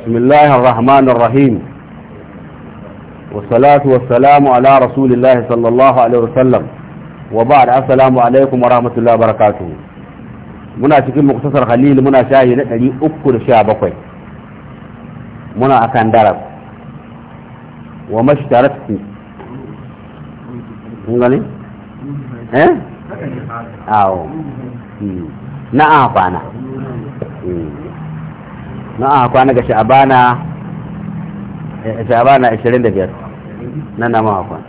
بسم الله الرحمن الرحيم والصلاة والسلام على رسول الله صلى الله عليه وسلم وبعد السلام عليكم ورحمة الله وبركاته muna cikin muktasar halil muna shahi na 317 muna akan darab wa mashtaratu kun gani eh awo na afana na a kwana ga sha'abana eh, sha'abana 25 nan na ma kwana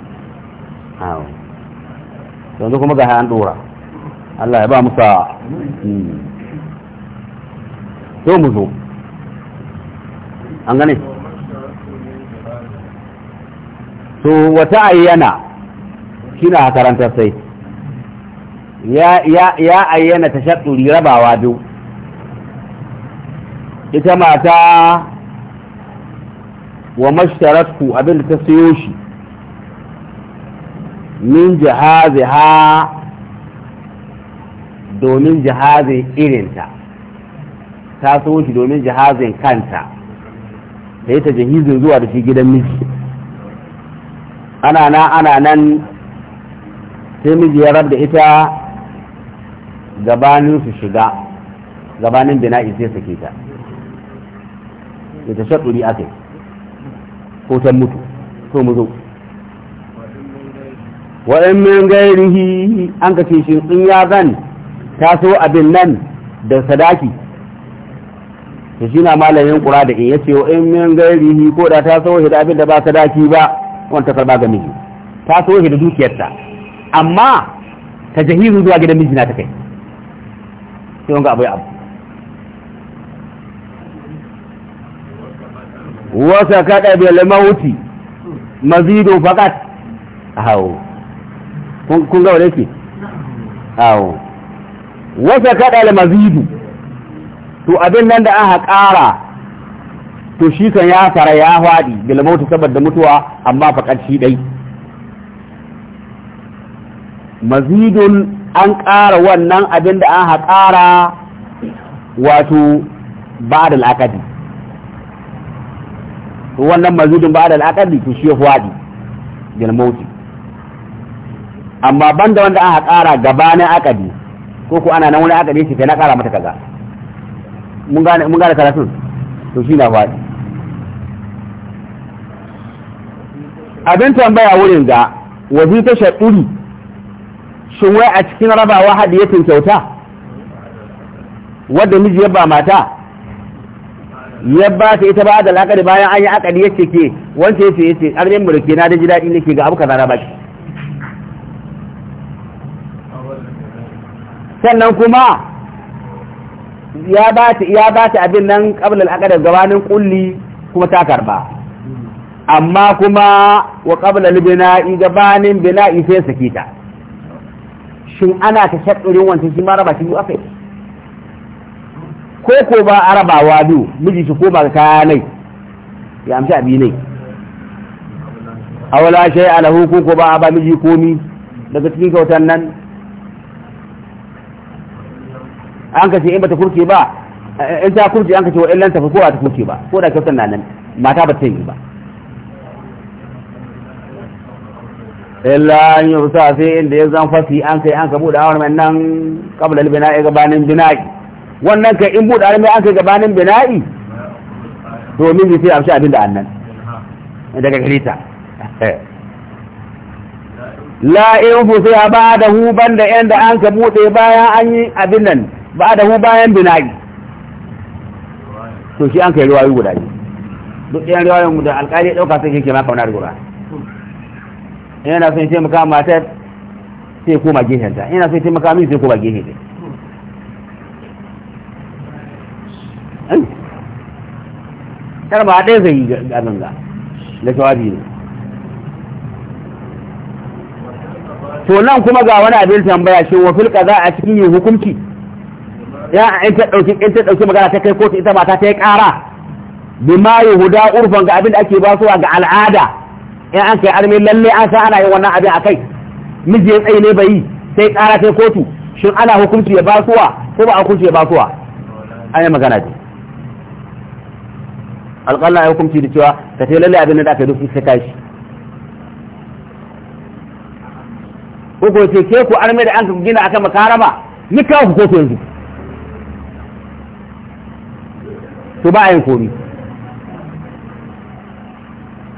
awo yanzu kuma ga an dora Allah ya ba musa hmm. to mu zo an gane to wata ayyana kina karantar sai ya ayyana ta shaɗuri rabawa biyu ita mata wa mashtaratku abinda ta sayo shi min ha domin jihazin irinta ta so shi domin jihazin kanta da ita jihizin zuwa da shi gidan miji ana nan ana nan sai miji ya rabda da ita gabanin su shiga gabanin bina'i sai sake ta da ta shaɗuri aka yi ko ta mutu to mu zo wa'in min gairihi an ka ce in ya zan so abin nan da sadaki to shi na malamin kura da in yace wa in min gairihi ko da ta so da abin da ba sadaki ba wani ta karba ga miji ta so da dukiyarta amma ta jahizu zuwa gidan miji na ta kai sai wanga abu ya abu wasa kada bil mauti mazidu faqat awo kun ga wadake awo wasa kada al mazidu to abin nan da aka ƙara to shi kan ya fara ya fadi bil mauti saboda mutuwa amma faqat shi dai mazidun an kara wannan abin da an haƙara wato ba da al'akadi to wannan mazudin ba da al'akari to shi ya fadi bil mauti amma banda wanda aka kara na akadi ko ko ana nan wani akadi shi kai na kara mata kaza mun gane mun gane karatun to shi na fadi abin tambaya wurin ga wazi ta shaɗuri shin wai a cikin rabawa hadiyatin kyauta wadda miji ya ba mata ya ba ta ita ba da lakari bayan an yi akadi ya ce ke wanda ya ce ya ce arnin mulki na da ji daɗi nake ga abu kaza na baki sannan kuma ya ba ta ya ba ta abin nan kablal al gabanin kulli kuma ta karba amma kuma wa qabla al-bina'i gabanin bina'i sai sakita shin ana ta shakkurin wancan shi ma raba shi akai ko ko ba arabawa biyu miji shi koma ga kaya nai ya amshi abi nai awala shay alahu ko ko ba ba miji komi daga cikin kautan nan an ka ce in bata kurce ba eh, in ta kurce an ka ce wa illan tafi ko ba ta kurce ba ko da kautan na nan mata ba ta yi ba illa an yi rusa sai inda ya zan fasi an kai an ka buɗe awar mai nan kabla libina ya gabanin bina'i wannan kai in buɗe armi an kai gabanin bina'i domin bi sai amshi abin da annan daga garita la in fusiya ba da hu banda yan da an ka buɗe bayan an yi abin nan ba da hu bayan bina'i to shi an kai ruwayi guda ne duk ɗayan ruwayin guda alƙali ya ɗauka sai ke ma kauna da guda yana son taimaka matar sai koma gehenta Ina son taimaka min sai koma gehenta kar ba ɗaya zai yi ganin ga da jawabi ne to nan kuma ga wani abin tambaya shi wa filka za a cikin yin hukunci ya in ta dauki in ta dauki magana ta kai kotu ita mata ta yi kara yi huda urfan ga abin da ake basuwa ga al'ada in an kai armi lalle an san ana yin wannan abin akai miji ya tsaye ne bai yi sai kara ta kotu shin ana hukunci ya basuwa ko ba a hukunci ya basuwa an yi magana ce alƙalla ya hukunci da cewa ka ce lalle abin da aka yi sai ka shi ko ce ke ku arme da an ka gina aka makaraba ni ka ku kotu yanzu to ba a yin kori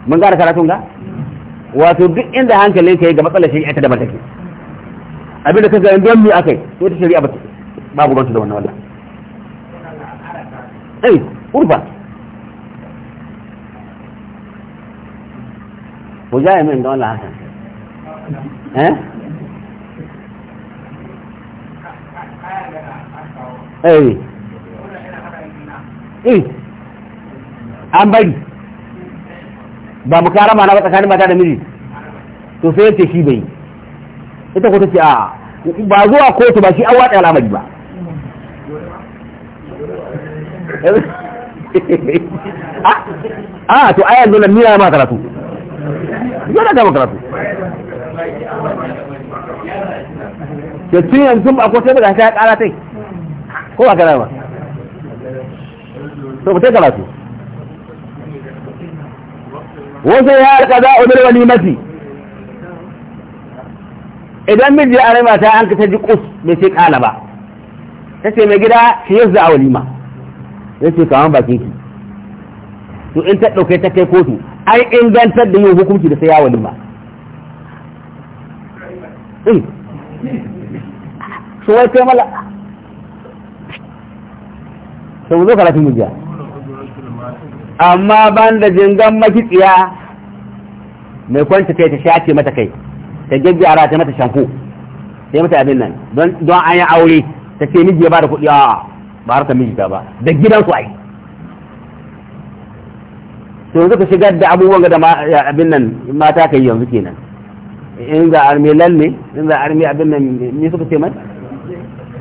mun gara karatun ga wato duk inda hankalin ka yi ga matsalar shari'a ta da matake abinda ka ga don mu akai to ta shari'a ba babu ruwanta da wannan wallah eh urfa ku gaya min don Allah hakan eh? Eh. eh an bari ba mu karama na ba tsakanin mata da miji to sai yace shi bai ita ko ce a ba zuwa kotu ba shi an watsa al'amari ba a ah, ah, to ayan dole mira ma karatu yana gama karatu ke tun yanzu ba ko sai daga ta kara tai ko ba ba to ba ta karatu wasu ya rika za a wani mafi idan miji ya arama ta an ta ji kus bai sai kala ba ta ce mai gida shi yanzu a walima ya ce kawon bakin ki to in ta ɗauke ta kai kotu an ingantar da yin hukunci da sai ya walima eh. su wai sai mala sau zo karatun mujiya amma ban da jingan makitsiya mai kwanci kai ta shace mata kai ta a ta mata shanko sai mata abin nan don an yi aure ta ce miji ya ba da kuɗi a ba harkar miji ta ba da gidansu a yi to yanzu ka shigar da abubuwan ga da abin nan mata ka yi yanzu kenan in za a armi lalle in za a armi abin nan ne suka ce mai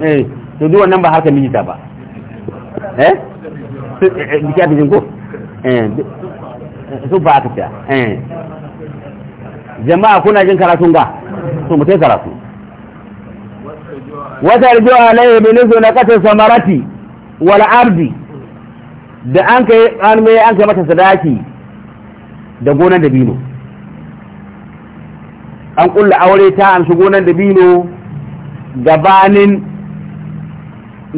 eh to duk nan ba haka mijita ba eh, eh, eh biki abin ko eh, eh su ba aka ta eh jama'a kuna jin karatun ga to mutai karatu wata rijo alaihi bi nizu samarati wal ardi da an kai an mai an kai mata sadaki da gonan dabino an kulla aure ta an amshi gonan dabino gabanin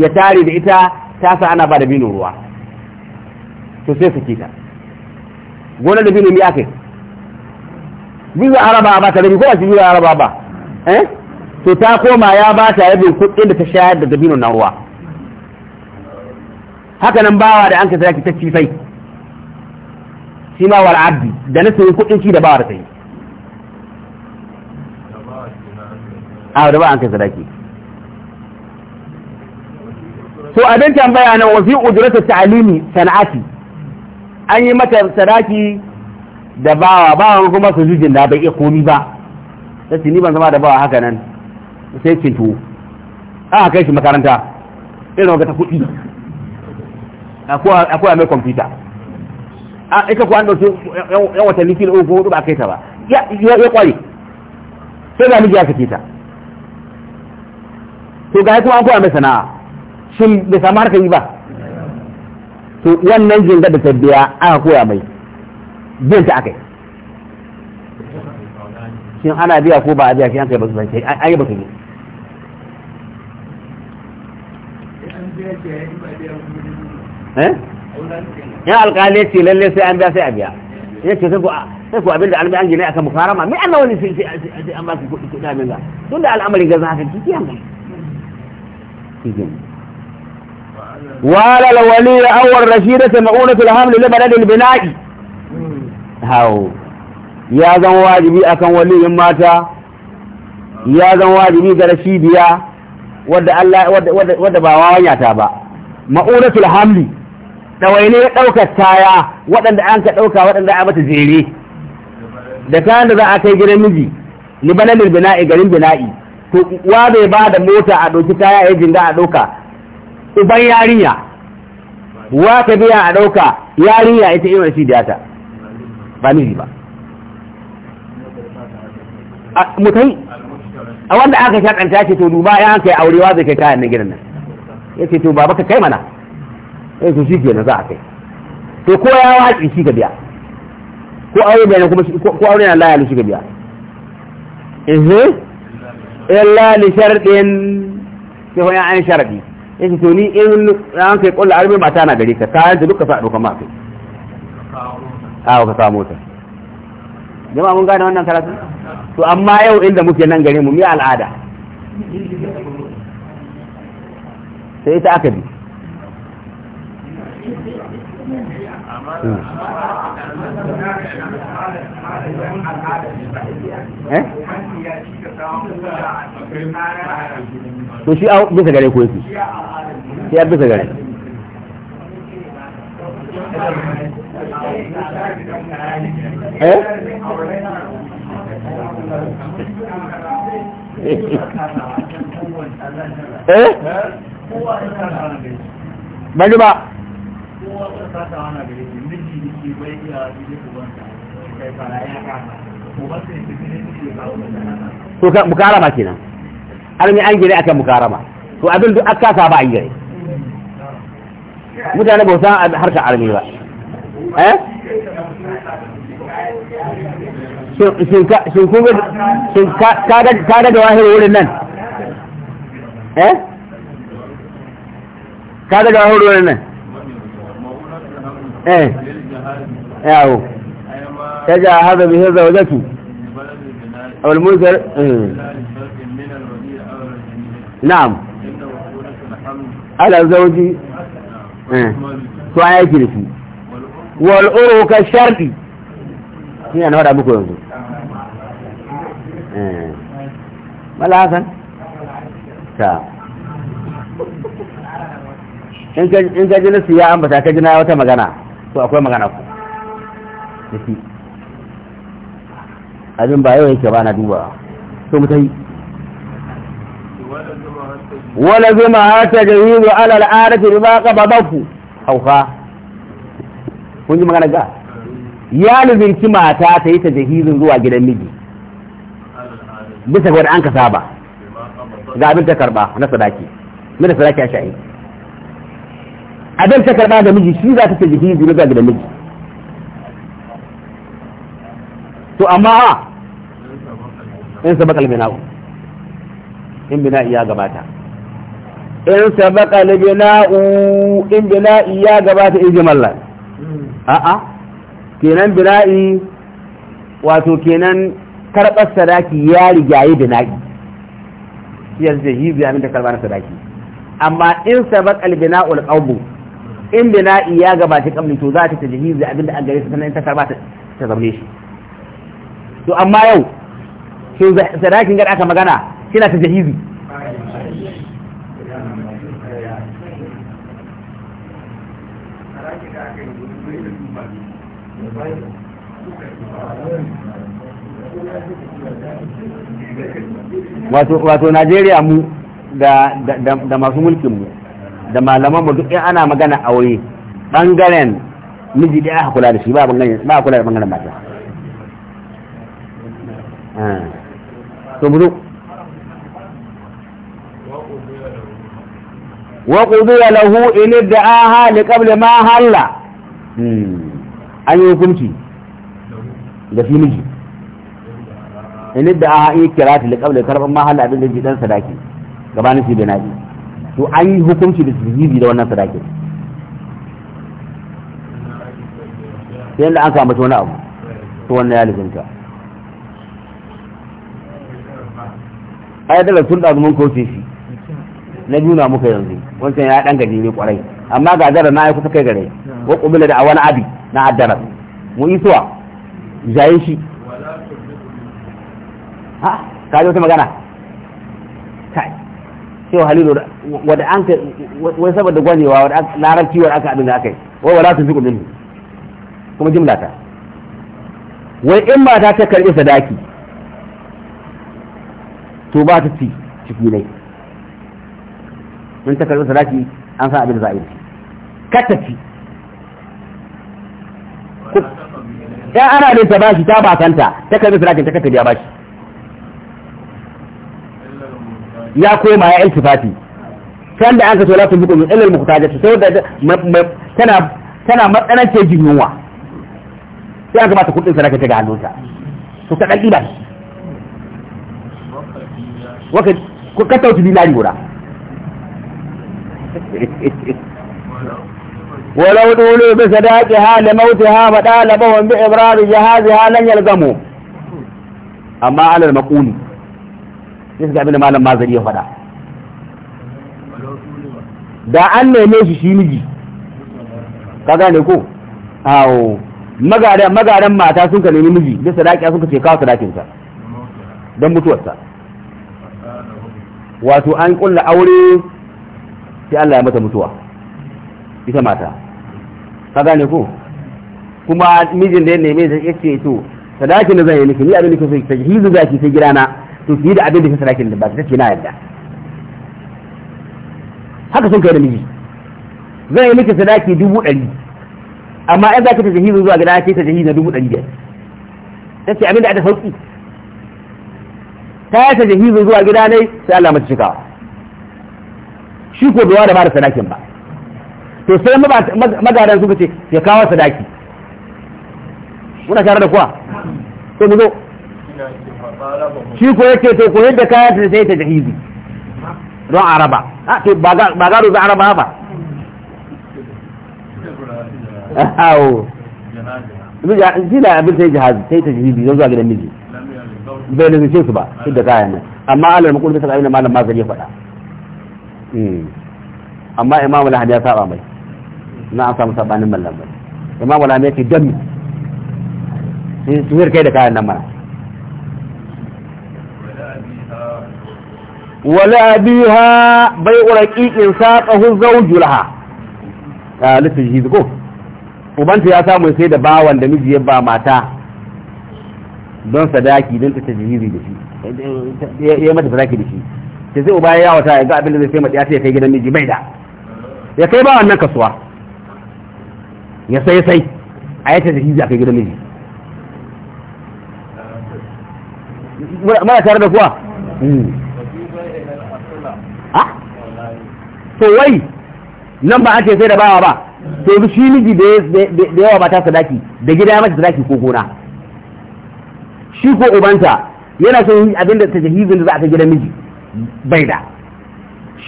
ya tare da ita ta sa ana ba dabino ruwa to sai su kita gonan dabino mi aka yi biyu araba ba ta rabi ko ba cikin araba ba eh to ta koma ya ba ta rabin kudin da ta shayar da dabino na ruwa haka nan bawa da an ka zaki ta sai shi ma wal abdi da na sayi kuɗin shi da bawa da sai a da ba an kai sadaki so abin tambaya nan wa fi ujratu ta'alimi sana'ati an yi mata sadaki da bawa bawa kuma su jujin da bai iya komi ba sai ni ban zama da bawa haka nan sai cin a aka kai shi makaranta irin wata ta kuɗi a mai kwamfuta a ita kuwa an ɗauki yan watanni kila uku hudu ba kai ta ba ya kware sai ga miji ya sake ta to ga kuma an koya mai sana'a shin bai samu harkar yi ba to wannan jinga da biya aka koya mai biyan ta akai shin ana biya ko ba a biya shi an kai ba su zance an yi ba su ne Eh? ya alƙali ce lalle sai an biya sai a biya ya ce sai ku abinda an an gina aka mukarama me an wani sai an ba su kuɗi kuɗi abin ga tun da al'amarin gaza haka kiki an gai wala lawali ya awar rashida ta ma'una tul hamlu li baladil bina'i hawo ya zan wajibi akan waliyin mata ya zan wajibi ga rashidiya wadda Allah wadda ba wawanya ta ba ma'unatul hamli ya ɗaukar kaya waɗanda an ka ɗauka waɗanda a mata zere da kayan da za a kai gidan miji ni bana libanalin bina'i garin bina'i to wa bai ba da mota a ɗauki kaya ya jinga a ɗauka uban yarinya wa ka biya a ɗauka yarinya ita shi da ta ba miji ba mutai a wanda aka shakanta ce to duba ya kai aurewa zai kai kayan na gidan nan ya ce to baba ka kai mana sai eh, su shi kenan za a kai to ko ya watsi shi ga biya ko aure bayan kuma ko aure na layali shi ga biya eh illa li shartin ho ya an sharadi yake to ni in an kai kullu arbi mata na gare ka kayan da duka sa doka ma kai a ka samu ta jama'a mun gane wannan karatu to amma yau inda muke nan gare mu mi al'ada sai ta aka bi Eh? to shi a bisa gare ko yake shi a bisa gare eh eh ba kowa sata ke bai iya kai fara ya to ka mukarama an to abin duk aka sa ba an gire mutane ba san harka armi ba eh shin ka shin da wahiri wurin nan eh ka da wahiri wurin nan eh yawo ta ja haza bihi zawjatu awal munkar eh. na'am ala zawji eh to ayi kirfi wal uru ka sharti ni ana hada muku yanzu eh malakan ta in ka ji nasu ya ambata ka ji wata magana to akwai magana ku yake abin ba yau yake ba na duba so mu tai wala zuma ta jahizu ala al'adati ka babaku hauka kun ji magana ga ya ki mata ta yi ta jahizin zuwa gidan miji bisa ga wani an ka saba ga abin ta karba na sadaki mai da sadaki a sha'i abin ta karɓa da miji shi za ta ce jiki zuru ga gidan miji to amma a in sabaka albinahu in bina iya gabata in sabaka albinahu in bina iya gabata in jimalla a'a kenan bina'i wato kenan karɓar sadaki ya rigaye bina'i yanzu da hibi abin ta karɓa sadaki amma in sabaka albina'ul qawmu in bina'i ya gabaci kamni to za ta tajhiz da abinda an gare su sannan ta karba ta ta zaune shi to amma yau shi sadakin gada aka magana kina ta tajhizi wato Najeriya mu da masu mulkin mu da malaman mu duk ana magana aure bangaren miji da aka kula da shi ba bangaren ba kula da bangaren mata ah. to mu wa qudu lahu in ha li qabl ma halla hmm. an yi hukunci da fi miji in da'aha ha kirati li qabl karban ma halla abin da jidan sadaki gabanin shi da naji. to an yi hukunci da zizi da wannan sadakin sai da an kama wani abu to wannan ya lizinta ayyadar sun da mun kose shi na juna muka yanzu wancan ya ɗan gajere kwarai amma ga zara na ya kusa kai gare wa ƙubila da a wani abi na addara mu isuwa jayin shi ha ka ji wata magana cewa halilu wadda an ka wai saboda gwanewa wadda larabci wadda aka abin da aka yi wai wala su fi kudin kuma jimla ta wai in ba ta karɓi sadaki to ba ta ci ciki ne in ta karɓi sadaki an san abin da za a yi kata ci ya ana da ta bashi ta bakanta ta karɓi sadakin ta kata biya bashi ya koma ya iltifati can da an ka tola tumbuku min ilal muhtajatu saboda tana tana matsanance jin yunwa sai an kamata kudin sadaka ta ga hannunta to ka dalli ba waka ko ka tauti dinari guda ولو دولوا بصداقها لموتها فطالبهم بإبرار جهازها لن يلزموا أما على المقول sai ga abin malam mazari ya faɗa da an neme shi shi miji ka gane ko awo magadan mata sun ka nemi miji da sadaki sun ka ce kawo sadakinsa don mutuwarsa wato an kulla aure sai Allah ya mata mutuwa ita mata ka gane ko kuma mijin da ya neme ya ce to sadakin da zan yi nufi ni abin da ke so ta jihizu zaki ta gidana to ki da abin da kisa lakin da ba ta ce na yarda haka sun kai da miji zai yi miki sadaki dubu ɗari amma in za ka tajahi zuwa gida ce tajahi na dubu ɗari biyar ta ce abin da aka sauki ta yi tajahi zuwa gida ne sai Allah mace cikawa shi ko da ba da sadakin ba to sai magadan suka ce ya kawo sadaki muna tare da kuwa to mu zo shi ko yake to ko yadda kaya ta sai ta jahizi don araba a ah, to ba ga za araba ba awo ah, oh. da abin sai jahazi sai ta jahizi don zuwa gidan miji bai na zuce su ba yadda kaya ne amma alal makul bisa ga abin da malam mazari ya faɗa hmm. amma imamu lahadi ya saba mai na an samu sabanin mallam bai imamu lahadi ya ce dami sun su kai da kayan nan mana wala abiha bai uraqiqin saqahu zawjulaha talif jihiz ko ubanta ya samu sai da bawan da miji ya ba mata don sadaki don ta tajhizi da shi ya mata sadaki da shi ta zai uba ya wata ya ga abin da zai sai mata ya kai gidan miji bai da ya kai bawan nan kasuwa ya sai sai a ta tajhizi a kai gidan miji muna tare da kuwa hmm. ah? to wai nan ba ake ce sai da bawa ba to shi miji da yawa ta sadaki da gida ya mace sadaki ko gona shi ko ubanta yana son abinda ta da za a ta gidan miji bai da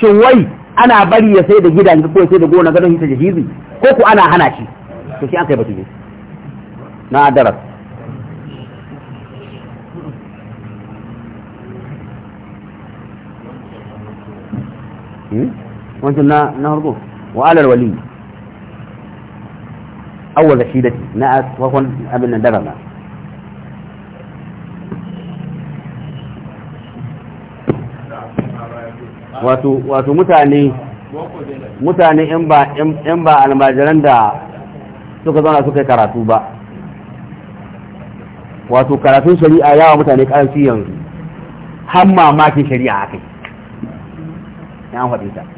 shi wai ana bari ya sai da gidan ko sai da gona gadon hita jahizi ko ku ana hana shi to shi an kai batu ne na daras wancan na na harko wa alal wali awwal shidati na farkon abin nan darana wato wato mutane mutane in ba in ba almajiran da suka zauna suka karatu ba wato karatun shari'a yawa mutane karanci yanzu har makin shari'a a kai. Now what is that?